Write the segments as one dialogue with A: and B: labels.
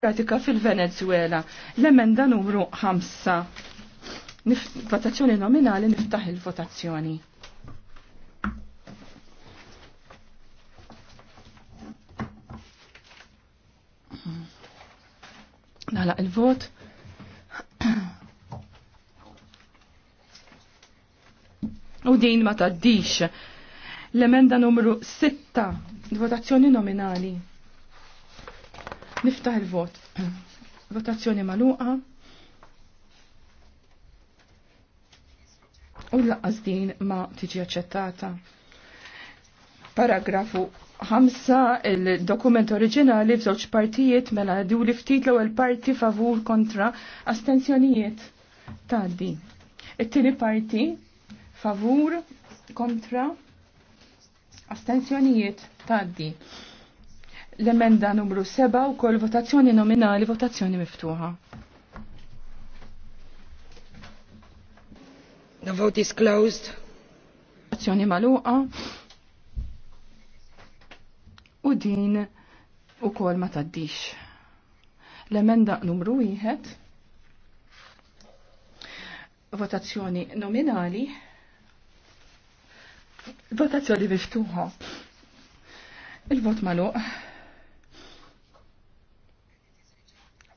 A: pratika fil-Venezuela. L-emenda numru 5. Nif votazzjoni nominali niftaħ il-votazzjoni. Nala il-vot. U din ma taddix. L-emenda numru 6. Votazzjoni nominali. Niftaħ il-vot. Votazzjoni maluqa. U laqqas din ma tiġi aċċettata. Paragrafu 5 il-dokument oriġinali f'żewġ partijiet mela diw li ftit l-ewwel parti favur kontra astenzjonijiet tgħaddi. It-tieni parti favur kontra astenzjonijiet tgħaddi. L-emenda numru 7 u kol votazzjoni nominali, votazzjoni miftuħa. The vote is closed. Votazzjoni maluqa. U din u kol ma taddix. L-emenda numru 1. Votazzjoni nominali. Votazzjoni miftuħa. Il-vot maluqa.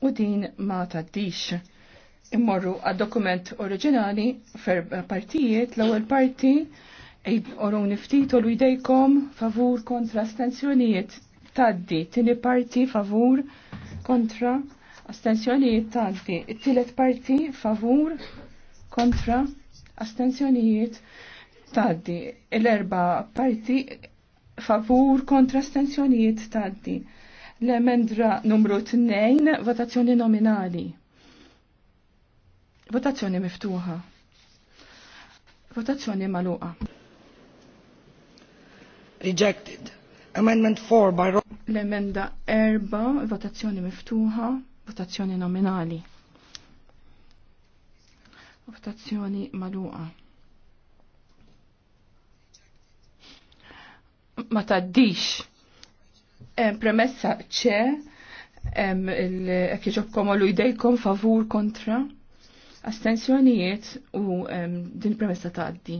A: u din ma taddix. Immorru għad dokument oriġinali fer partijiet l-ewwel parti oru ftit u idejkom favur kontra astensjonijiet taddi, tini parti favur kontra astensjonijiet taddi, it-tielet parti favur kontra astensjonijiet taddi, l-erba parti favur kontra astensjonijiet taddi. L-emendra numru 2, votazzjoni nominali. Votazzjoni miftuħa. Votazzjoni maluqa. Rejected. Amendment 4 by L-emenda 4, votazzjoni miftuħa, votazzjoni nominali. Votazzjoni maluqa. Ma taddix premessa ċe jekk iġobkom għallu jdejkom favur kontra astensjonijiet u din premessa tgħaddi.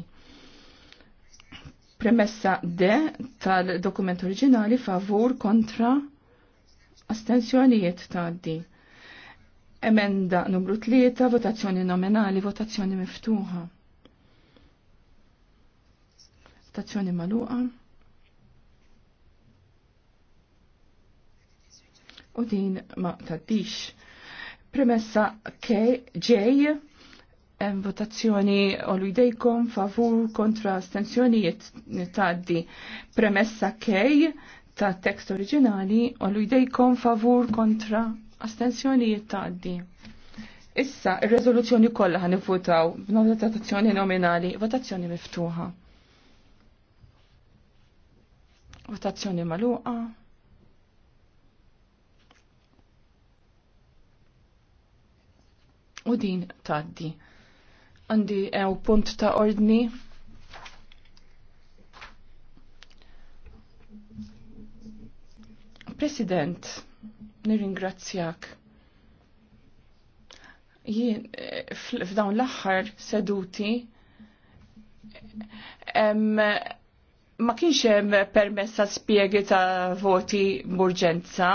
A: Premessa D tal-dokument oriġinali favur kontra astensjonijiet tgħaddi. Emenda numru 3, votazzjoni nominali, votazzjoni miftuħa. Votazzjoni maluqa. u din ma taddix. Premessa KJ, votazzjoni u idejkom favur kontra astensjonijiet taddi. Premessa K ta' tekst oriġinali u idejkom favur kontra astensjonijiet taddi. Issa, il-rezoluzzjoni kollha ħan votaw b'notazzjoni nominali, votazzjoni miftuħa. Votazzjoni maluqa. u din taddi. Għandi ew eh, punt ta' ordni. President, nirringrazzjak. Jien eh, f'dawn l-aħħar seduti ma kienx hemm permessa spjegi ta' voti b'urġenza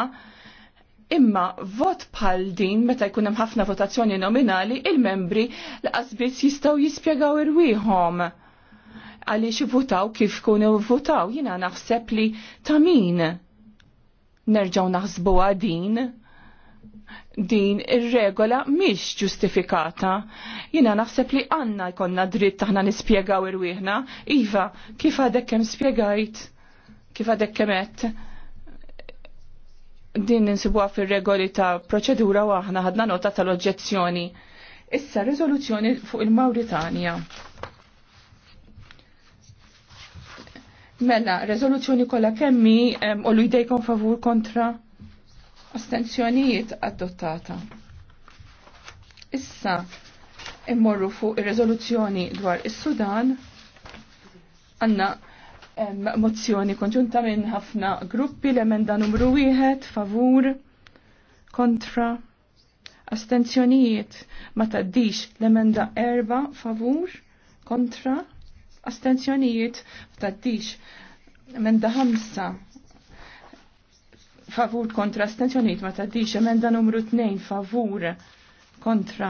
A: Imma vot bħal din meta jkun hemm ħafna votazzjoni nominali, il-membri l-qasbis jistgħu jispjegaw irwieħhom għaliex votaw kif kunu votaw. Jiena naħseb li ta' min nerġgħu naħsbuha din din ir-regola mhix ġustifikata. Jiena naħseb li għandna jkollna dritt aħna nispjegaw irwieħna, iva kif għadek hemm spjegajt, kif għadek kemm din insibuha fir-regoli ta' proċedura u aħna ħadna nota tal-oġġezzjoni. Issa riżoluzzjoni fuq il mauritania Mela, rezoluzzjoni kollha kemmi u l favur kontra astenzjonijiet adottata. Issa immorru fuq ir-riżoluzzjoni dwar is-Sudan għandna mozzjoni konġunta minn ħafna gruppi l-emenda numru wieħed favur kontra astenzjonijiet ma taddix l-emenda erba favur kontra astenzjonijiet taddix emenda ħamsa favur kontra astenzjonijiet ma taddix emenda numru 2 favur kontra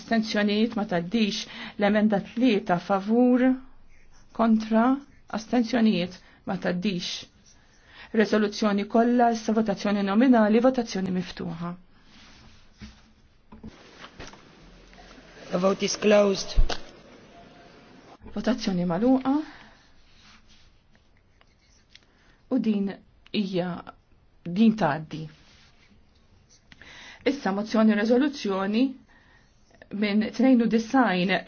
A: astenzjonijiet ma taddix l-emenda tlieta favur kontra astenzjonijiet ma taddix. Rezoluzzjoni kollha issa votazzjoni nominali, votazzjoni miftuħa. The vote is closed. Votazzjoni maluqa. U din hija din tgħaddi. Issa mozzjoni rezoluzzjoni minn 92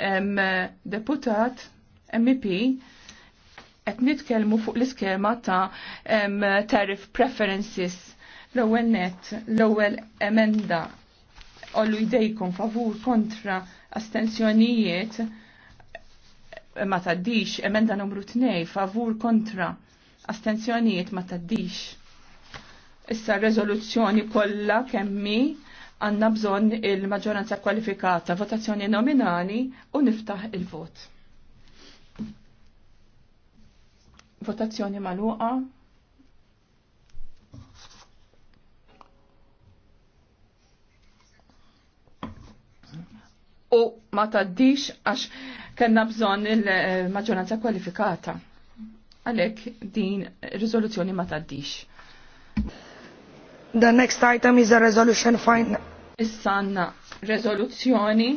A: deputat MEP qed nitkellmu fuq l-iskema ta' tariff preferences l-ewwel net, l-ewwel emenda ollu jdejkom favur kontra astensjonijiet ma taddix, emenda numru 2 favur kontra astensjonijiet ma taddix. Issa rezoluzzjoni kollha kemmi għanna bżonn il-maġġoranza kwalifikata, votazzjoni nominali u niftaħ il-vot. Votazzjoni maluqa. U ma taddix għax kena bżon il-maġġoranza kwalifikata. Għalek din rizoluzzjoni ma taddix. The next item is a resolution fine. Issanna rezoluzzjoni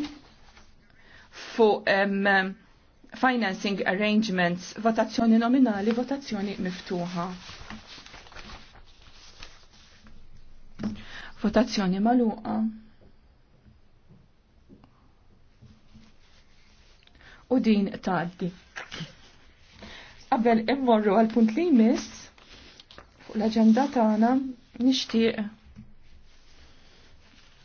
A: fuq um, Financing Arrangements, votazzjoni nominali, votazzjoni miftuħa. Votazzjoni maluqa. U din tardi. Qabel immorru għal punt li jmiss fuq l-aġenda tagħna nixtieq